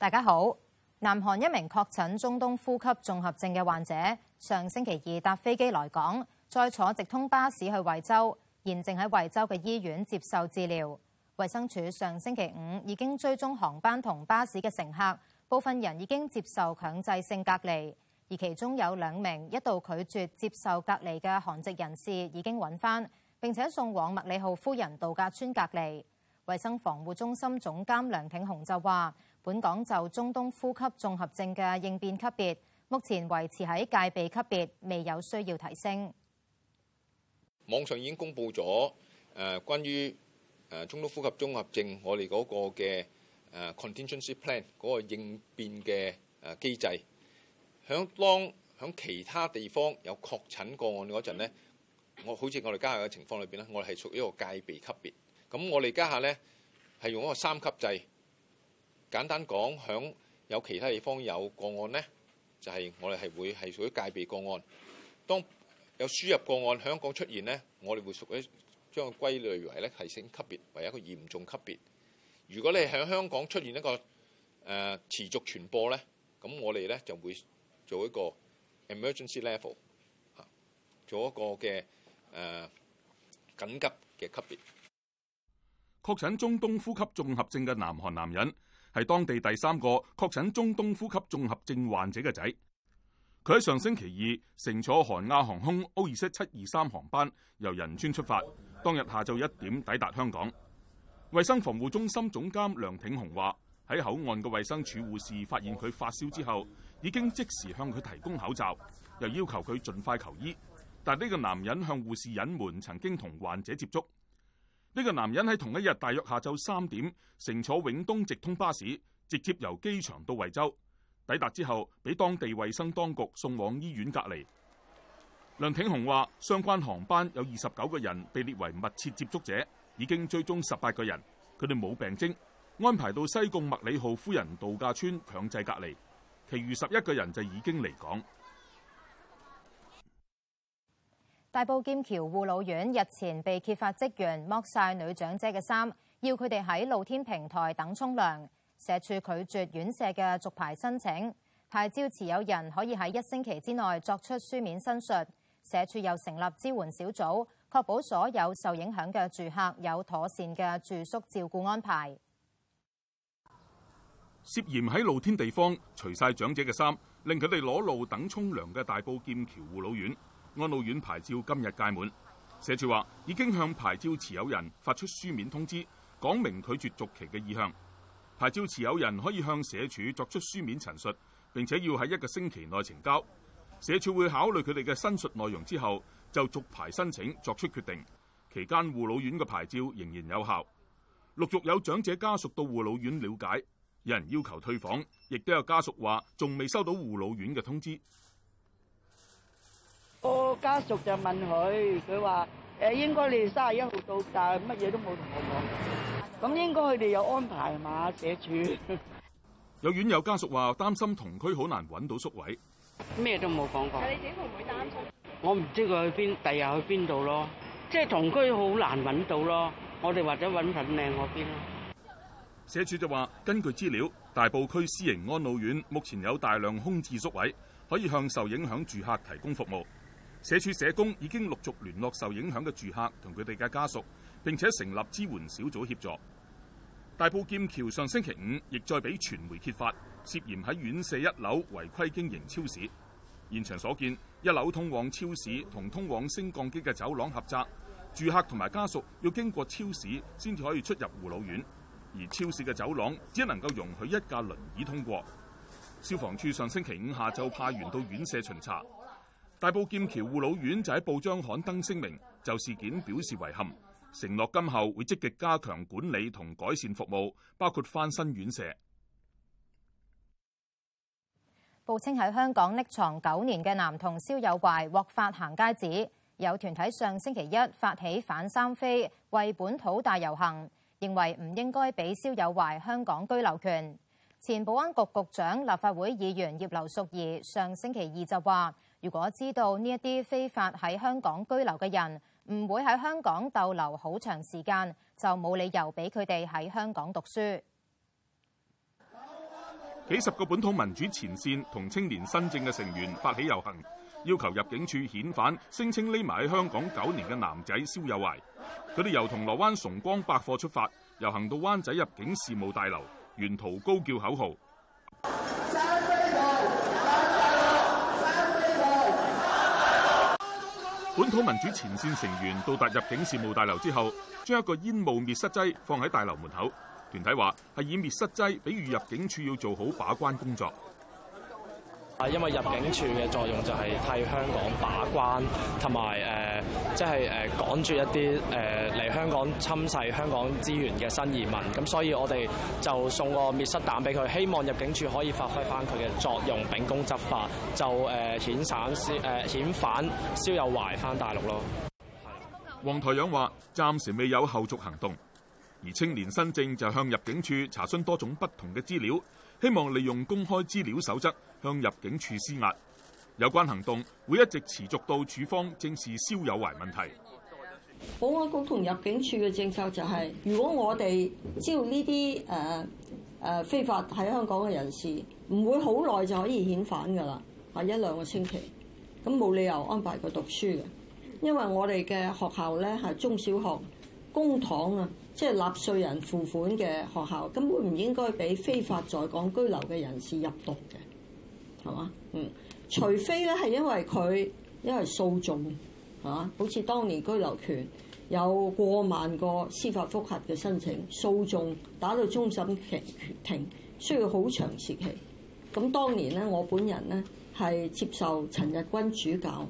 大家好，南韓一名確診中東呼吸綜合症嘅患者，上星期二搭飛機來港，再坐直通巴士去惠州，現正喺惠州嘅醫院接受治療。衛生署上星期五已經追蹤航班同巴士嘅乘客，部分人已經接受強制性隔離，而其中有兩名一度拒絕接受隔離嘅韓籍人士已經搵翻，並且送往麥理浩夫人度假村隔離。衛生防護中心總監梁挺雄就話。本港就中東呼吸綜合症嘅應變級別，目前維持喺戒備級別，未有需要提升。網上已經公佈咗誒關於誒中東呼吸綜合症我哋嗰個嘅誒 contingency plan 嗰個應變嘅誒機制。響當響其他地方有確診個案嗰陣咧，我好似我哋家下嘅情況裏邊咧，我哋係屬於一個戒備級別，咁我哋家下咧係用一個三級制。簡單講，響有其他地方有個案咧，就係、是、我哋係會係屬於戒備個案。當有輸入個案香港出現咧，我哋會屬於將佢歸類為咧提升級別，為一個嚴重級別。如果你係喺香港出現一個誒、呃、持續傳播咧，咁我哋咧就會做一個 emergency level，嚇，做一個嘅誒、呃、緊急嘅級別。確診中東呼吸綜合症嘅南韓男人。係當地第三個確診中東呼吸綜合症患者嘅仔，佢喺上星期二乘坐韓亞航空歐義西七二三航班由仁川出發，當日下晝一點抵達香港。衛生防護中心總監梁挺雄話：喺口岸嘅衛生署護士發現佢發燒之後，已經即時向佢提供口罩，又要求佢盡快求醫。但呢個男人向護士隱瞞曾經同患者接觸。呢個男人喺同一日大約下晝三點乘坐永東直通巴士，直接由機場到惠州抵達之後，俾當地衛生當局送往醫院隔離。梁挺雄話，相關航班有二十九個人被列為密切接觸者，已經追蹤十八個人，佢哋冇病徵，安排到西貢麥理浩夫人度假村強制隔離，其餘十一個人就已經離港。大埔劍橋護老院日前被揭發職員剝晒女長者嘅衫，要佢哋喺露天平台等沖涼。社署拒絕院舍嘅續牌申請，牌照持有人可以喺一星期之內作出書面申述。社署又成立支援小組，確保所有受影響嘅住客有妥善嘅住宿照顧安排。涉嫌喺露天地方除晒長者嘅衫，令佢哋裸露等沖涼嘅大埔劍橋護老院。安老院牌照今日屆滿，社署話已經向牌照持有人發出書面通知，講明拒絕續期嘅意向。牌照持有人可以向社署作出書面陳述，並且要喺一個星期內呈交。社署會考慮佢哋嘅申述內容之後，就續牌申請作出決定。期間護老院嘅牌照仍然有效。陸續有長者家屬到護老院了解，有人要求退房，亦都有家屬話仲未收到護老院嘅通知。個家屬就問佢，佢話：誒，應該你卅一號到大，但係乜嘢都冇同我講。咁應該佢哋有安排嘛？社署 有院友家屬話擔心同區好難揾到宿位，咩都冇講過。你自己會唔會擔心？我唔知佢去邊，第日去邊度咯。即係同區好難揾到咯。我哋或者揾粉嶺嗰邊咯。社署就話，根據資料，大埔區私營安老院目前有大量空置宿位，可以向受影響住客提供服務。社署社工已經陸續聯絡受影響嘅住客同佢哋嘅家屬，並且成立支援小組協助。大埔劍橋上星期五亦再被傳媒揭發，涉嫌喺院舍一樓違規經營超市。現場所見，一樓通往超市同通往升降機嘅走廊狹窄，住客同埋家屬要經過超市先至可以出入護老院，而超市嘅走廊只能夠容許一架輪椅通過。消防處上星期五下晝派員到院舍巡查。大埔劍橋護老院就喺報章刊登聲明，就事件表示遺憾，承諾今後會積極加強管理同改善服務，包括翻新院舍。報稱喺香港匿藏九年嘅男童肖友懷獲發行街紙，有團體上星期一發起反三非為本土大遊行，認為唔應該俾肖友懷香港居留權。前保安局局長立法會議員葉劉淑儀上星期二就話。如果知道呢一啲非法喺香港居留嘅人唔會喺香港逗留好長時間，就冇理由俾佢哋喺香港讀書。幾十個本土民主前線同青年新政嘅成員發起遊行，要求入境處遣返聲稱匿埋喺香港九年嘅男仔肖友懷。佢哋由銅鑼灣崇光百貨出發，遊行到灣仔入境事務大樓，沿途高叫口號。本土民主前線成員到達入境事務大樓之後，將一個煙霧滅失劑放喺大樓門口。團體話係以滅失劑比喻入境處要做好把關工作。因為入境處嘅作用就係替香港把關，同埋誒，即係誒趕住一啲誒嚟香港侵蝕香港資源嘅新移民。咁所以我哋就送個滅失彈俾佢，希望入境處可以發揮翻佢嘅作用，秉公執法，就誒、呃、遣散、誒遣返有、肖友懷翻大陸咯。黃台陽話：暫時未有後續行動。而青年新政就向入境處查詢多種不同嘅資料，希望利用公開資料守則向入境處施壓，有關行動會一直持續到處方正視肖友懷問題。保安局同入境處嘅政策就係如果我哋招呢啲誒誒非法喺香港嘅人士，唔會好耐就可以遣返噶啦，係一兩個星期。咁冇理由安排佢讀書嘅，因為我哋嘅學校咧係中小學。公帑啊，即係納稅人付款嘅學校，根本唔應該俾非法在港居留嘅人士入讀嘅，係嘛？嗯，除非咧係因為佢因為訴訟，係嘛？好似當年居留權有過萬個司法覆核嘅申請訴訟，打到終審庭，需要好長時期。咁當年咧，我本人咧係接受陳日君主教。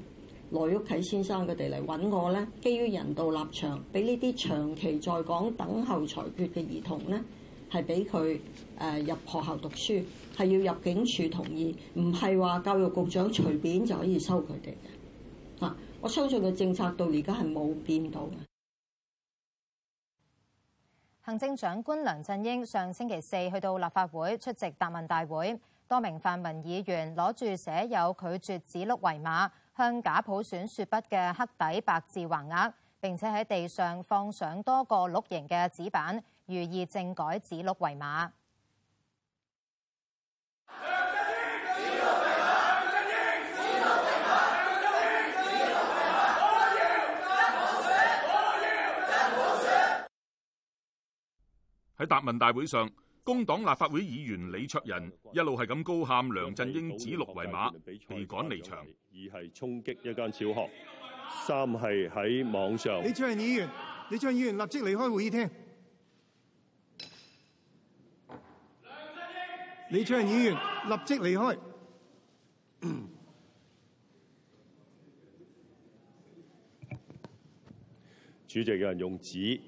內屋啟先生佢哋嚟揾我咧，基於人道立場，俾呢啲長期在港等候裁決嘅兒童咧，係俾佢誒入學校讀書，係要入境處同意，唔係話教育局長隨便就可以收佢哋嘅啊！我相信個政策到而家係冇變到嘅。行政長官梁振英上星期四去到立法會出席答問大會，多名泛民議員攞住寫有「拒絕指鹿為馬」。分假普選雪筆嘅黑底白字橫額，並且喺地上放上多個鹿形嘅紙板，寓意政改指鹿為馬。喺答問大會上。工黨立法會議員李卓人一路係咁高喊梁振英指鹿為馬，被趕離場。二係衝擊一間小學，三係喺網上。李卓人議員，李卓人議，議，議，議員立即離開會議廳。李卓人議員立即離開。離開。主席有人用紙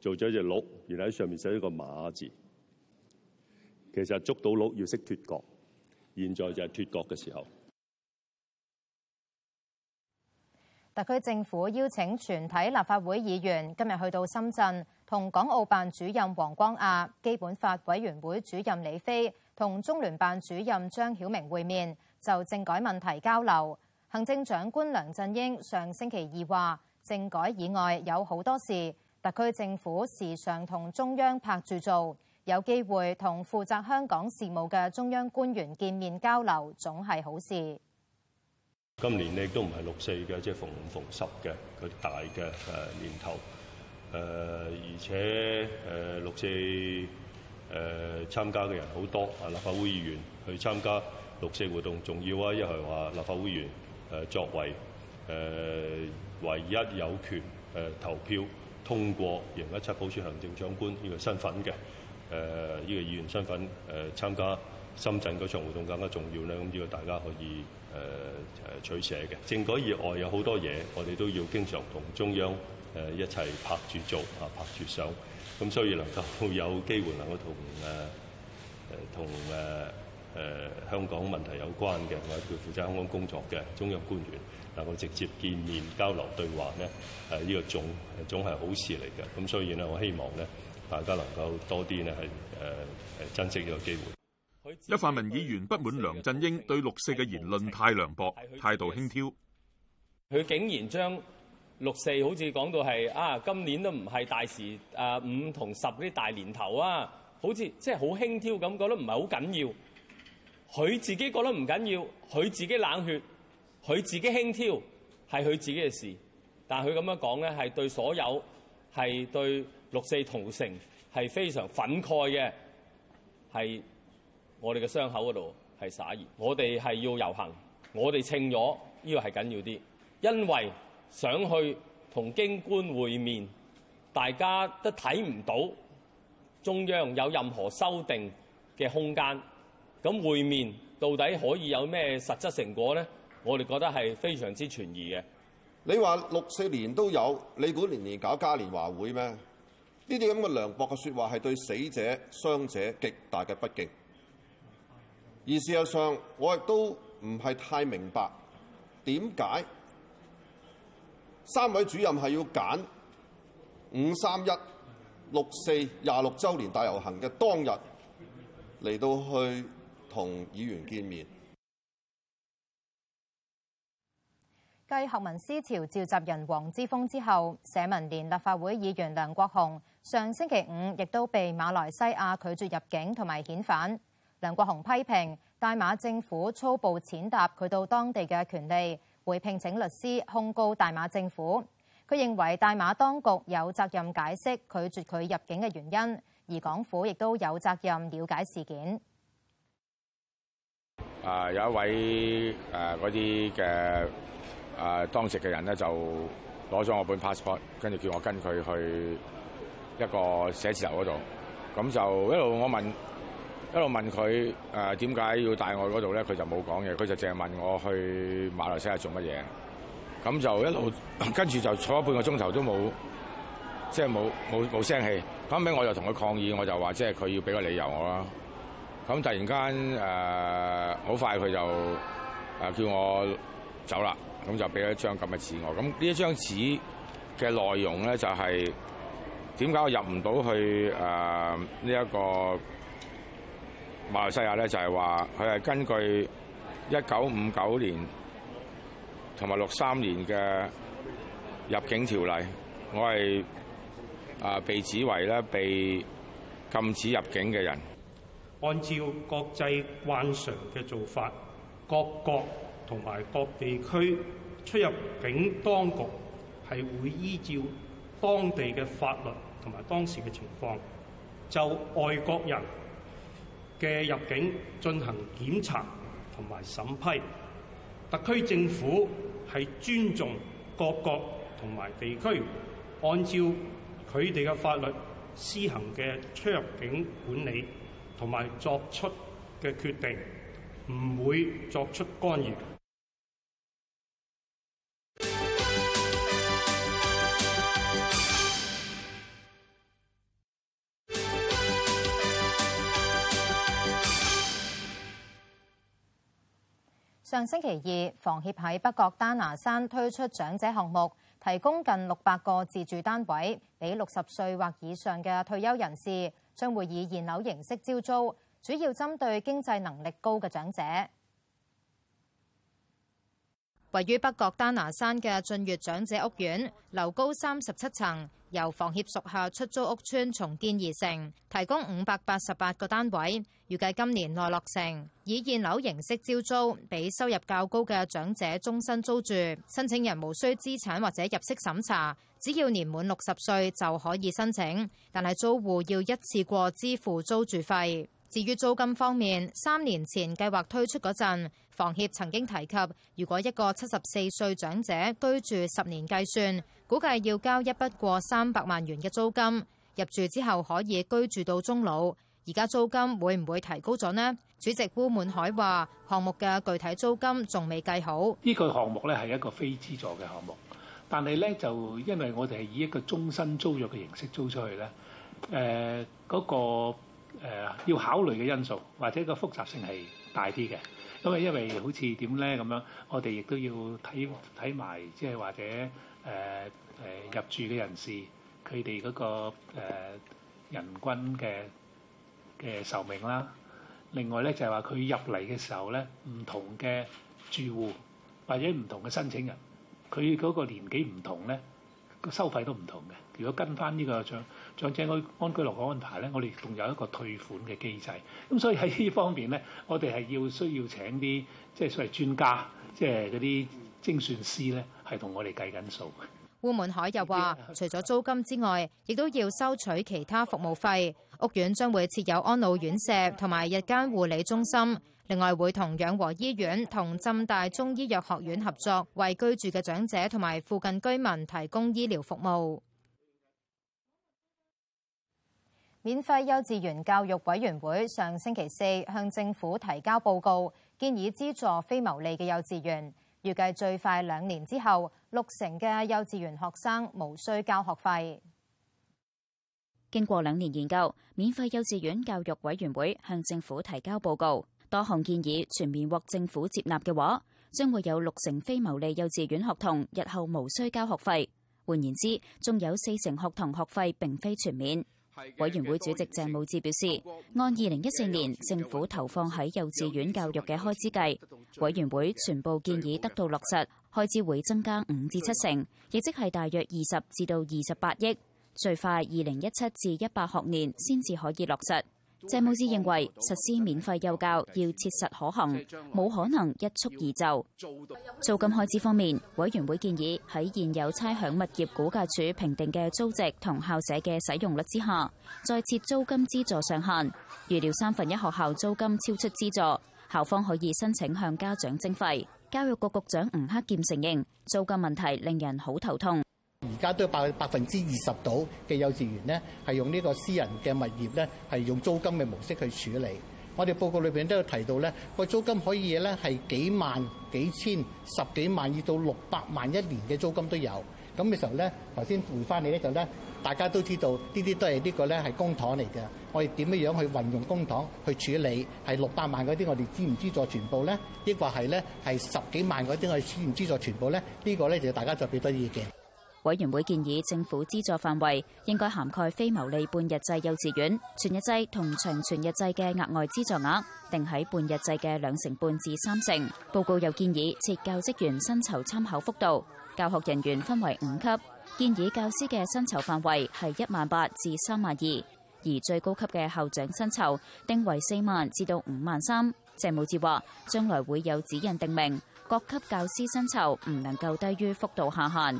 做咗一隻鹿，而喺上面寫咗個馬字。其實捉到鹿要識脫角，現在就係脫角嘅時候。特區政府邀請全體立法會議員今日去到深圳，同港澳辦主任王光亞、基本法委員會主任李飛同中聯辦主任張曉明會面，就政改問題交流。行政長官梁振英上星期二話，政改以外有好多事，特區政府時常同中央拍住做。有機會同負責香港事務嘅中央官員見面交流，總係好事。今年咧都唔係六四嘅，即、就、係、是、逢五逢十嘅嗰啲大嘅誒年頭誒，而且誒、呃、六四誒、呃、參加嘅人好多啊！立法會議員去參加六四活動重要啊，一係話立法會議員誒作為誒、呃、唯一有權誒投票通過二零一七普選行政長官呢、這個身份嘅。誒呢、呃呢個議員身份誒、呃、參加深圳嗰場活動更加重要咧，咁呢個大家可以誒誒、呃、取捨嘅。政改以外有好多嘢，我哋都要經常同中央誒、呃、一齊拍住做啊，拍住上。咁所以能夠有機會能夠同誒誒同誒誒香港問題有關嘅，同埋佢負責香港工作嘅中央官員能夠直接見面交流對話咧，誒、啊、呢、呢個總總係好事嚟嘅。咁所以咧，我希望咧。大家能夠多啲呢係誒誒珍惜呢個機會。一泛民議員不滿梁振英對六四嘅言論太涼薄，態度輕佻。佢竟然將六四好似講到係啊，今年都唔係大時誒、啊、五同十嗰啲大年頭啊，好似即係好輕佻咁，覺得唔係好緊要。佢自己覺得唔緊要，佢自己冷血，佢自己輕佻係佢自己嘅事。但係佢咁樣講咧，係對所有係對。六四屠城係非常憤慨嘅，係我哋嘅傷口嗰度係撒鹽。我哋係要遊行，我哋稱咗呢個係緊要啲，因為想去同京官會面，大家都睇唔到中央有任何修訂嘅空間。咁會面到底可以有咩實質成果咧？我哋覺得係非常之存疑嘅。你話六四年都有，你估年年搞嘉年華會咩？呢啲咁嘅涼薄嘅説話係對死者、傷者極大嘅不敬，而事實上我亦都唔係太明白點解三位主任係要揀五三一六四廿六週年大遊行嘅當日嚟到去同議員見面。繼學民思潮召集人黃之鋒之後，社民連立法會議員梁國雄。上星期五亦都被馬來西亞拒絕入境同埋遣返。梁國雄批評大馬政府粗暴踐踏佢到當地嘅權利，會聘請律師控告大馬政府。佢認為大馬當局有責任解釋拒絕佢入境嘅原因，而港府亦都有責任了解事件。啊，有一位誒嗰啲嘅誒當值嘅人呢，就攞咗我本 passport，跟住叫我跟佢去。一個寫字樓嗰度，咁就一路我問，一路問佢誒點解要帶我嗰度咧？佢就冇講嘢，佢就淨係問我去馬來西亞做乜嘢。咁就一路跟住就坐咗半個鐘頭都冇，即係冇冇冇聲氣。咁尾我就同佢抗議，我就話即係佢要俾個理由我啦。咁突然間誒好、呃、快佢就誒叫我走啦，咁就俾咗一張咁嘅紙我。咁呢一張紙嘅內容咧就係、是。點解我入唔到去誒呢一個馬來西亞咧？就係話佢係根據一九五九年同埋六三年嘅入境條例，我係啊、呃、被指為咧被禁止入境嘅人。按照國際慣常嘅做法，各國同埋各地區出入境當局係會依照。當地嘅法律同埋當時嘅情況，就外國人嘅入境進行檢查同埋審批。特區政府係尊重各國同埋地區，按照佢哋嘅法律施行嘅出入境管理同埋作出嘅決定，唔會作出干預。上星期二，房協喺北角丹拿山推出長者項目，提供近六百個自住單位俾六十歲或以上嘅退休人士，將會以現樓形式招租，主要針對經濟能力高嘅長者。位於北角丹拿山嘅雋悅長者屋苑，樓高三十七層。由房協屬下出租屋邨重建而成，提供五百八十八個單位，預計今年內落成，以現樓形式招租，俾收入較高嘅長者終身租住。申請人無需資產或者入息審查，只要年滿六十歲就可以申請，但係租戶要一次過支付租住費。至於租金方面，三年前計劃推出嗰陣，房協曾經提及，如果一個七十四歲長者居住十年計算，估計要交一筆過三百萬元嘅租金。入住之後可以居住到終老。而家租金會唔會提高咗呢？主席鄔滿海話：項目嘅具體租金仲未計好。呢個項目呢，係一個非資助嘅項目，但係呢就因為我哋係以一個終身租約嘅形式租出去咧，誒、呃、嗰、那個誒、呃、要考慮嘅因素，或者個複雜性係大啲嘅，因為因為好似點咧咁樣呢，樣我哋亦都要睇睇埋，即係或者誒誒、呃呃、入住嘅人士，佢哋嗰個、呃、人均嘅嘅壽命啦。另外咧就係話佢入嚟嘅時候咧，唔同嘅住戶或者唔同嘅申請人，佢嗰個年紀唔同咧，個收費都唔同嘅。如果跟翻呢、呢個帳。長者安居樂嘅安排咧，我哋仲有一個退款嘅機制，咁所以喺呢方面咧，我哋係要需要請啲即係所謂專家，即係嗰啲精算師咧，係同我哋計緊數。鄔滿海又話，除咗租金之外，亦都要收取其他服務費。屋苑將會設有安老院舍同埋日間護理中心，另外會同養和醫院同浸大中醫藥學院合作，為居住嘅長者同埋附近居民提供醫療服務。免費幼稚園教育委員會上星期四向政府提交報告，建議資助非牟利嘅幼稚園，預計最快兩年之後，六成嘅幼稚園學生無需交學費。經過兩年研究，免費幼稚園教育委員會向政府提交報告，多項建議全面獲政府接納嘅話，將會有六成非牟利幼稚園學童日後無需交學費。換言之，仲有四成學童學費並非全免。委員會主席鄭慕智表示，按二零一四年政府投放喺幼稚園教育嘅開支計，委員會全部建議得到落實，開支會增加五至七成，亦即係大約二十至到二十八億，最快二零一七至一八學年先至可以落實。鄭慕智認為實施免費幼教，要切實可行，冇可能一蹴而就。租金開支方面，委員會建議喺現有差餉物業估價署評定嘅租值同校舍嘅使用率之下，再設租金資助上限。預料三分一學校租金超出資助，校方可以申請向家長徵費。教育局局長吳克儉承認租金問題令人好頭痛。而家都有百百分之二十度嘅幼稚園咧，係用呢個私人嘅物業咧，係用租金嘅模式去處理。我哋報告裏邊都有提到咧，個租金可以咧係幾萬、幾千、十幾萬，至到六百萬一年嘅租金都有。咁嘅時候咧，頭先回翻你咧就咧，大家都知道呢啲都係呢個咧係公帑嚟嘅。我哋點樣樣去運用公帑去處理係六百萬嗰啲，我哋資唔資助全部咧？抑或係咧係十幾萬嗰啲，我哋資唔資助全部咧？呢個咧就要大家再俾多意見。委員會建議政府資助範圍應該涵蓋非牟利半日制幼稚園、全日制同長全，全日制嘅額外資助額，定喺半日制嘅兩成半至三成。報告又建議設教職員薪酬參考幅度，教學人員分為五級，建議教師嘅薪酬範圍係一萬八至三萬二，而最高級嘅校長薪酬定為四萬至到五萬三。鄭慕智話，將來會有指引定明各級教師薪酬唔能夠低於幅度下限。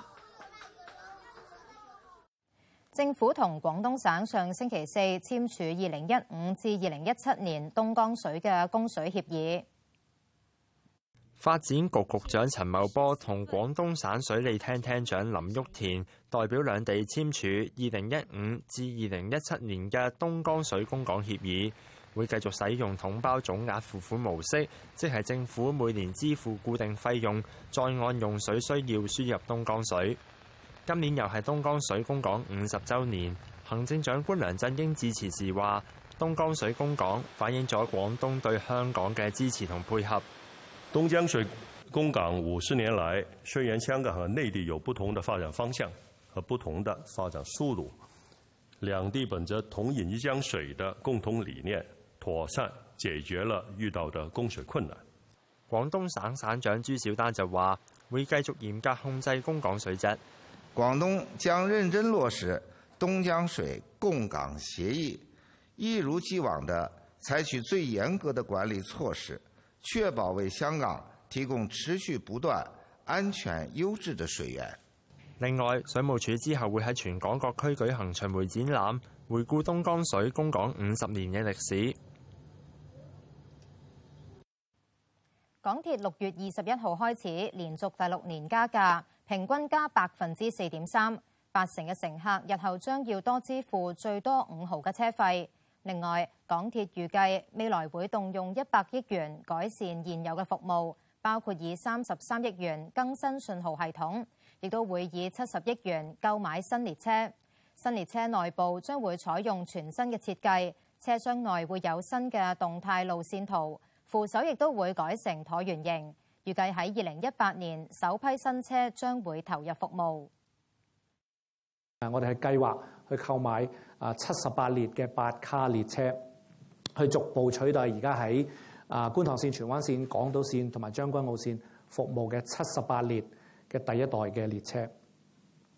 政府同廣東省上星期四簽署二零一五至二零一七年東江水嘅供水協議。發展局局長陳茂波同廣東省水利廳廳長林玉田代表兩地簽署二零一五至二零一七年嘅東江水供港協議，會繼續使用統包總額付款模式，即係政府每年支付固定費用，再按用水需要輸入東江水。今年又係東江水供港五十周年，行政長官梁振英致辭時話：東江水供港反映咗廣東對香港嘅支持同配合。東江水供港五十年來，雖然香港和內地有不同的發展方向和不同的發展速度，兩地本着同飲一江水的共同理念，妥善解決了遇到的供水困難。廣東省省長朱小丹就話：會繼續嚴格控制供港水質。廣東將認真落實東江水供港協議，一如既往地採取最嚴格的管理措施，確保為香港提供持續不斷、安全優質的水源。另外，水務署之後會喺全港各區舉行巡迴展覽，回顧東江水供港五十年嘅歷史。港鐵六月二十一號開始連續第六年加價。平均加百分之四點三，八成嘅乘客日後將要多支付最多五毫嘅車費。另外，港鐵預計未來會動用一百億元改善現有嘅服務，包括以三十三億元更新信號系統，亦都會以七十億元購買新列車。新列車內部將會採用全新嘅設計，車廂內會有新嘅動態路線圖，扶手亦都會改成橢圓形。預計喺二零一八年首批新車將會投入服務。啊，我哋係計劃去購買啊七十八列嘅八卡列車，去逐步取代而家喺啊觀塘線、荃灣線、港島線同埋將軍澳線服務嘅七十八列嘅第一代嘅列車。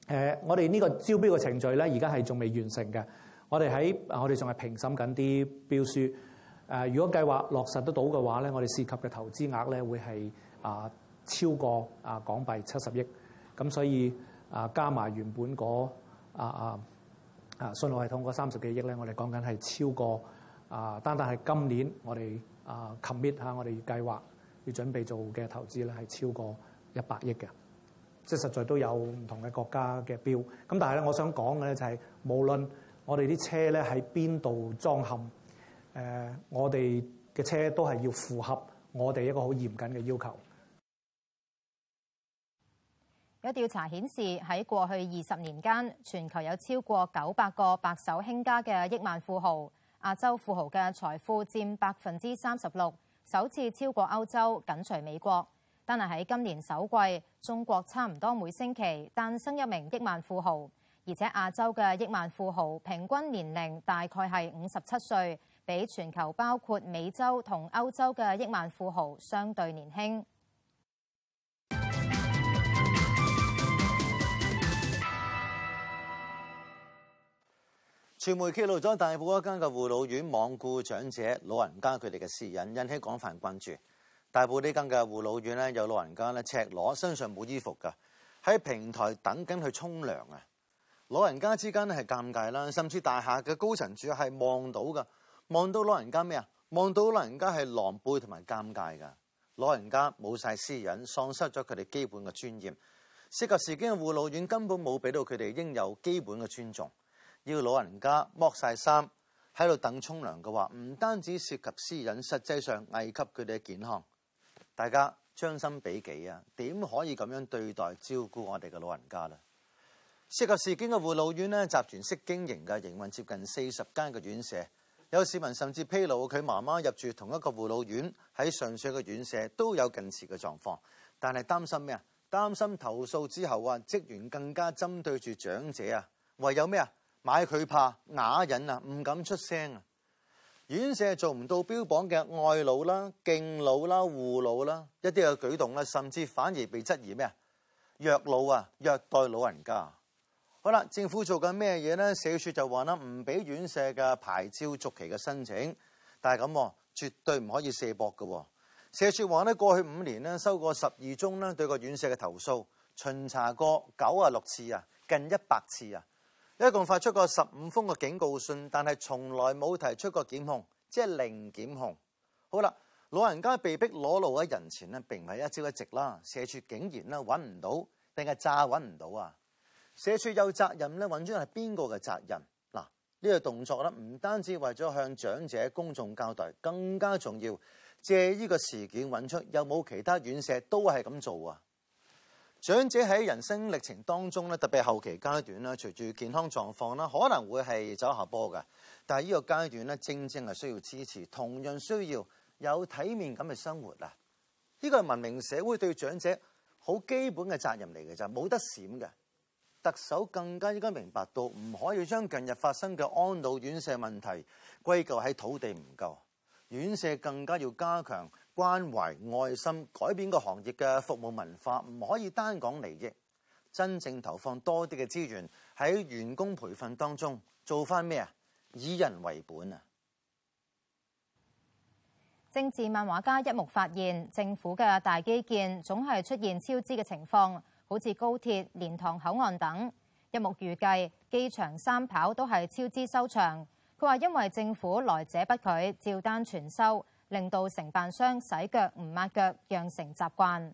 誒，我哋呢個招標嘅程序咧，而家係仲未完成嘅。我哋喺我哋仲係評審緊啲標書。誒，如果計劃落實得到嘅話咧，我哋涉及嘅投資額咧會係，啊，超過啊港幣七十億，咁所以啊加埋原本嗰啊啊啊信號系統嗰三十幾億咧，我哋講緊係超過啊，單單係今年我哋啊 commit 下、啊、我哋計劃要準備做嘅投資咧，係超過一百億嘅，即係實在都有唔同嘅國家嘅標，咁但係咧，我想講嘅咧就係無論我哋啲車咧喺邊度裝嵌，誒、呃，我哋嘅車都係要符合我哋一個好嚴謹嘅要求。有調查顯示，喺過去二十年間，全球有超過九百個白手興家嘅億萬富豪。亞洲富豪嘅財富佔百分之三十六，首次超過歐洲，緊隨美國。但係喺今年首季，中國差唔多每星期誕生一名億萬富豪，而且亞洲嘅億萬富豪平均年齡大概係五十七歲，比全球包括美洲同歐洲嘅億萬富豪相對年輕。傳媒揭露咗大埔一間嘅護老院罔顧長者老人家佢哋嘅私隱，引起廣泛關注。大埔呢間嘅護老院咧，有老人家咧赤裸身上冇衣服噶，喺平台等緊去沖涼啊！老人家之間咧係尷尬啦，甚至大廈嘅高層住係望到噶，望到老人家咩啊？望到老人家係狼狽同埋尷尬噶，老人家冇晒私隱，喪失咗佢哋基本嘅尊嚴。涉及事件嘅護老院根本冇俾到佢哋應有基本嘅尊重。要老人家剝晒衫喺度等沖涼嘅話，唔單止涉及私隱，實際上危及佢哋嘅健康。大家將心比己啊，點可以咁樣對待照顧我哋嘅老人家呢？涉及事件嘅護老院呢，集團式經營嘅營運接近四十間嘅院舍，有市民甚至披露佢媽媽入住同一個護老院，喺上水嘅院舍都有近似嘅狀況，但係擔心咩啊？擔心投訴之後啊，職員更加針對住長者啊，唯有咩啊？買佢怕啞忍啊，唔敢出聲啊！院舍做唔到標榜嘅愛老啦、敬老啦、護老啦，一啲嘅舉動咧，甚至反而被質疑咩啊？虐老啊，虐待老人家。好啦，政府做緊咩嘢咧？社署就話啦，唔俾院舍嘅牌照續期嘅申請，但係咁喎，絕對唔可以卸膊㗎喎。社署話咧，過去五年咧，收過十二宗呢對個院舍嘅投訴，巡查過九十六次啊，近一百次啊。一共發出過十五封嘅警告信，但係從來冇提出過檢控，即係零檢控。好啦，老人家被逼裸露喺人前咧，並唔係一朝一夕啦。社署竟然咧揾唔到，定係詐揾唔到啊？社署有責任咧，揾出係邊個嘅責任？嗱，呢、這個動作咧，唔單止為咗向長者公眾交代，更加重要，借呢個事件揾出有冇其他院舍都係咁做啊？長者喺人生歷程當中咧，特別後期階段咧，隨住健康狀況啦，可能會係走下坡嘅。但係呢個階段咧，正正係需要支持，同樣需要有體面咁嘅生活啊！呢個係文明社會對長者好基本嘅責任嚟嘅，就冇得閃嘅。特首更加應該明白到，唔可以將近日發生嘅安老院舍問題歸咎喺土地唔夠，院舍更加要加強。關懷、愛心，改變個行業嘅服務文化，唔可以單講利益，真正投放多啲嘅資源喺員工培訓當中，做翻咩啊？以人為本啊！政治漫畫家一目發現，政府嘅大基建總係出現超支嘅情況，好似高鐵、蓮塘口岸等。一目預計機場三跑都係超支收場。佢話：因為政府來者不拒，照單全收。令到承辦商洗腳唔抹腳，養成習慣。